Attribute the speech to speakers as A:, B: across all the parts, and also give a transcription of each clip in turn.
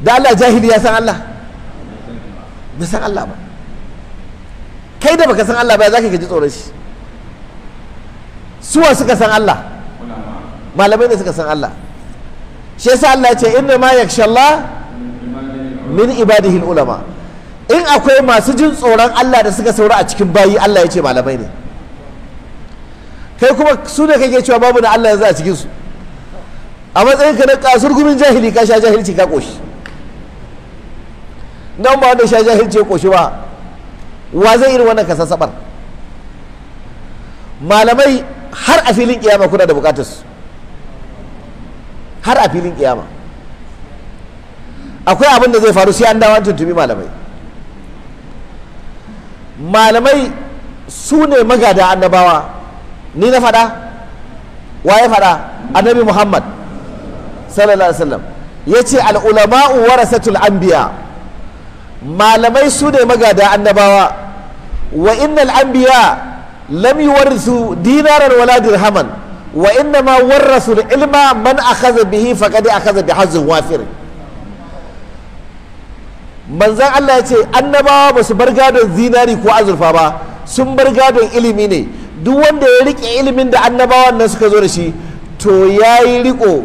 A: da Allah jahili ya san Allah ba san Allah ba kai da baka san Allah ba za ka ji tsoron shi suwa suka san Allah malamai da suka san Allah shi yasa Allah ce inna ma yaksha Allah min ibadihi ulama in akwai masu jin tsoron Allah da suka saura a cikin bayi Allah ya ce malamai ne kai kuma su ne kake cewa babu na Allah yanzu a cikin su a matsayin ka na kasurgumin jahili ka sha jahilci ka koshi dan ba wanda sha jahilci ya koshi ba wa zai irin wannan sabar malamai har a filin kiyama kuna da bukatar su har a filin kiyama akwai abin da zai faru sai an dawo tuntubi malamai malamai su ne magada annabawa ni na fada waye fada annabi muhammad sallallahu alaihi wasallam yace al ulama'u warasatul anbiya' malamai su ne magada annabawa wa innal anbiya lam yuwarrisu dinaran wala dirhaman wa inna ma warrasu ilma man akhadha bihi faqad akhadha bi hazzin wafir manzan Allah ya ce annabawa ba su bar gadon zinari ko azurfa ba sun bar gadon ilimi ne duk wanda ya rike ilimin da annabawan nan suka zo da shi to yayi riko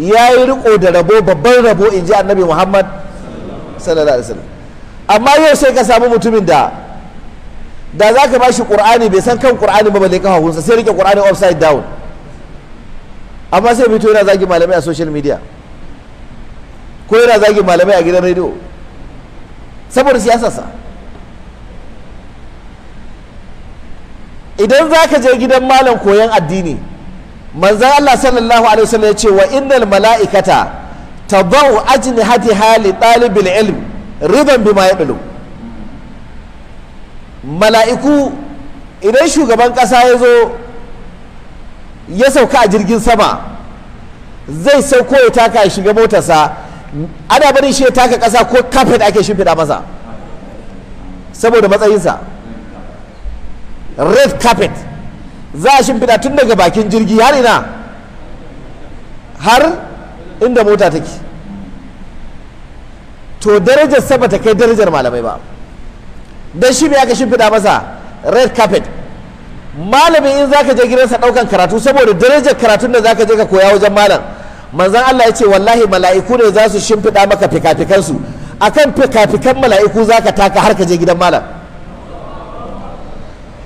A: yayi da rabo babban rabo inji annabi Muhammad sallallahu alaihi wasallam amma yau sai ka samu mutumin da da za ka bashi qur'ani bai san kan qur'ani ba balle kafafunsa sai rike qur'ani upside down amma sai fito yana zagi malamai a social media ko yana zagi malamai a gidan rediyo saboda siyasarsa idan za ka je gidan malam koyon addini manzan Allah sallallahu alaihi wasallam ya ce wa innal mala'ikata tadau ajini hati hali ɗalibin ilm riban bima mala'iku idan shugaban ƙasa ya zo ya sauka a jirgin sama zai sauko ya taka ya shiga motarsa ana barin shi ya taka ƙasa ko kafet ake shimfiɗa masa saboda matsayinsa red carpet za a shimfiɗa tun daga bakin jirgi har ina har inda mota take to darajar saba ta kai darajar malamai ba dan shi me aka shimfiɗa masa red carpet malami in zaka je gidansa ɗaukan karatu saboda darajar karatun da zaka je ka koya wajen malam manzon Allah ya ce wallahi mala'iku ne za su shimfiɗa maka fikafikansu akan fikafikan mala'iku zaka taka har ka je gidan malam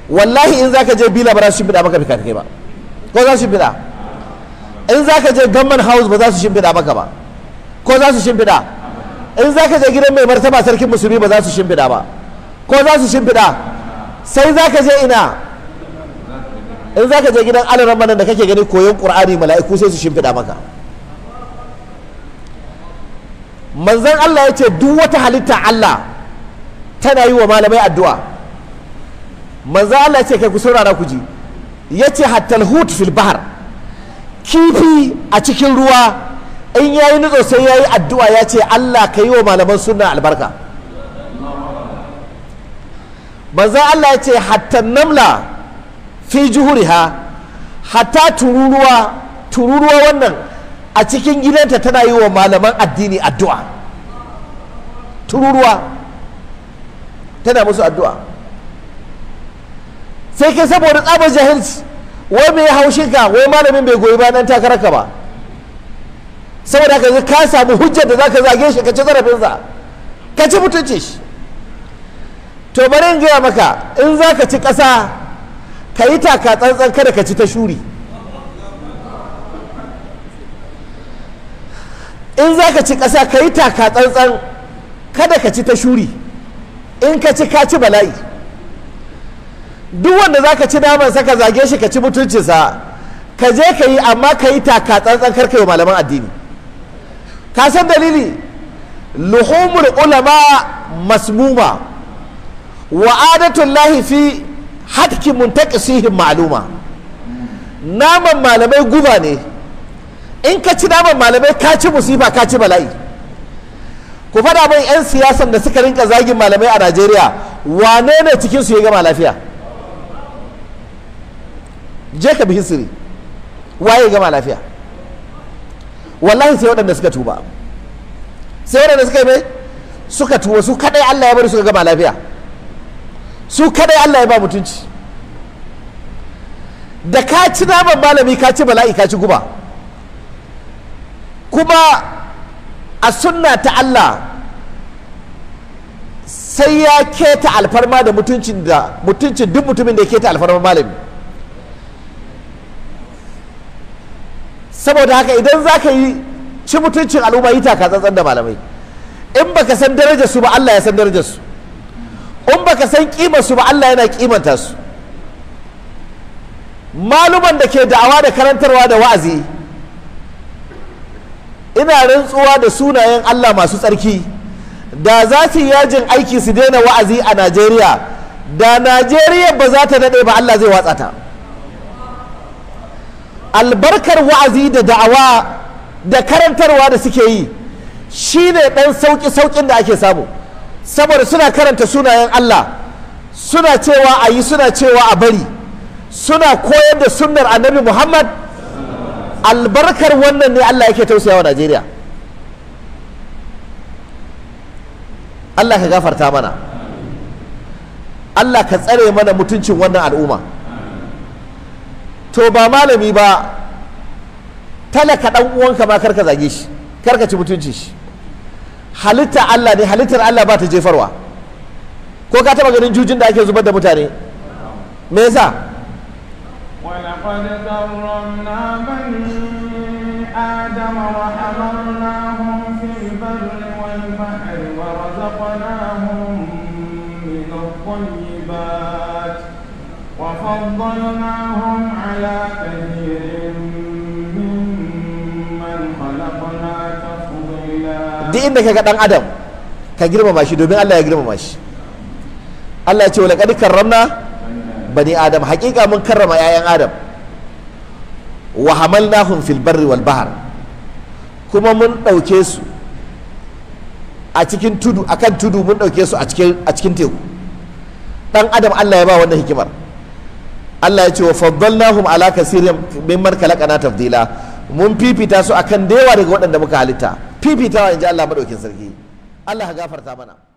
A: wallahi in zaka je bila ba za su shimfiɗa maka fikafikai ba ko za su shimfiɗa in za ka je gamman house ba za su shimfiɗa maka ba ko za su shimfiɗa in za ka je gidan mai martaba sarkin musulmi ba za su shimfiɗa ba ko za su shimfiɗa sai za ka je ina in za ka je gidan alaran manan da kake gani koyon ƙur'ani mala'iku sai su shimfiɗa maka manzan Allah ya ce duk wata halitta Allah tana yi wa malamai addu'a manzan Allah ya ce kai ku saurara ku ji ya ce hattal hut fil bahar kifi a cikin ruwa in ya yi nutso sai ya yi addu'a ya ce Allah ka yi wa malaman sunna albarka za Allah ya ce hatta namla fi ha, hatta tururuwa tururuwa wannan a cikin gidanta tana yi wa malaman addini addu'a tururuwa tana musu addu'a sai kai saboda tsabar jahilci wai mai haushin ka wai malamin bai goyi bayan takarar ka ba saboda haka ka samu hujjar da zaka zage shi ka ci sa ka ci mutunci shi to bari in gaya maka in zaka ci ƙasa ka yi taka tsantsan kada ka ci ta shuri in zaka ci ƙasa ka yi taka tsantsan kada ka ci ta shuri in ka ci ka ci bala'i duk wanda za ka ci naman ka zage shi ka ci mutuncinsa ka je ka yi amma ka yi taka tsantsan karka yi malaman addini ka san dalili luhumul ulama masmuma wa adatun lahi fi hatki muntaqisihim ma'luma naman malamai guba ne in ka ci naman malamai ka ci musifa ka ci bala'i ku faɗa min 'yan siyasan da suka rinka zagin malamai a najeriya wane ne cikinsu ya gama lafiya je ka bi hisiri waye gama lafiya wallahi sai waɗanda suka tuba sai waɗanda suka mai suka tuba su kadai Allah ya bari suka gama lafiya su kadai Allah ya ba mutunci da ka ci naman malami ka ci bala'i ka ci guba kuma a sunna ta Allah sai ya keta alfarma da mutuncin da mutuncin duk mutumin da ya keta alfarma malami saboda haka idan za ka yi ci mutuncin al'umma yi taka tsantsan da malamai in baka san darajar su ba Allah ya san darajar su in baka san kimar su ba Allah yana kimanta su maluman da ke da'awa da karantarwa da wa'azi ina rantsuwa da sunayen Allah masu tsarki da za su yajin aiki su daina wa'azi a Najeriya da Najeriya ba za ta daɗe ba Allah zai watsa ta. albarkar wa'azi da da'awa da karantarwa da suke yi shi ne ɗan sauƙi-sauƙin da ake samu saboda suna karanta sunayen Allah suna cewa a yi suna cewa a bari suna koyar da sunnar annabi Muhammad albarkar wannan ne Allah yake tausaya wa Najeriya Allah ka gafarta mana Allah ka tsare mana mutuncin wannan al'umma to ba malami ba talaka dan uwanka ma karka zage shi karka ci mutunci shi halitta Allah ne halittar Allah ba ta jefarwa ko ka taba ganin jujin da ake zubar da mutane me yasa ولقد dunan da ka ga dan adam ka girmama shi, domin allah ya girmama shi, allah ce walakai dukkan ramna bani adam hakika mun karrama yayan adam wahaman lahumfil bari walbahar kuma mun ɗauke su a cikin tudu a tudu mun ɗauke su a cikin teku dan adam allah ya ba wani hikimar. Allah ya ce wa faddalnahum ala kasirin mimman kalakana tafdila mun fifita su akan da yawa daga waɗanda muka halitta fifitawa inji Allah madaukin sarki Allah ya gafarta mana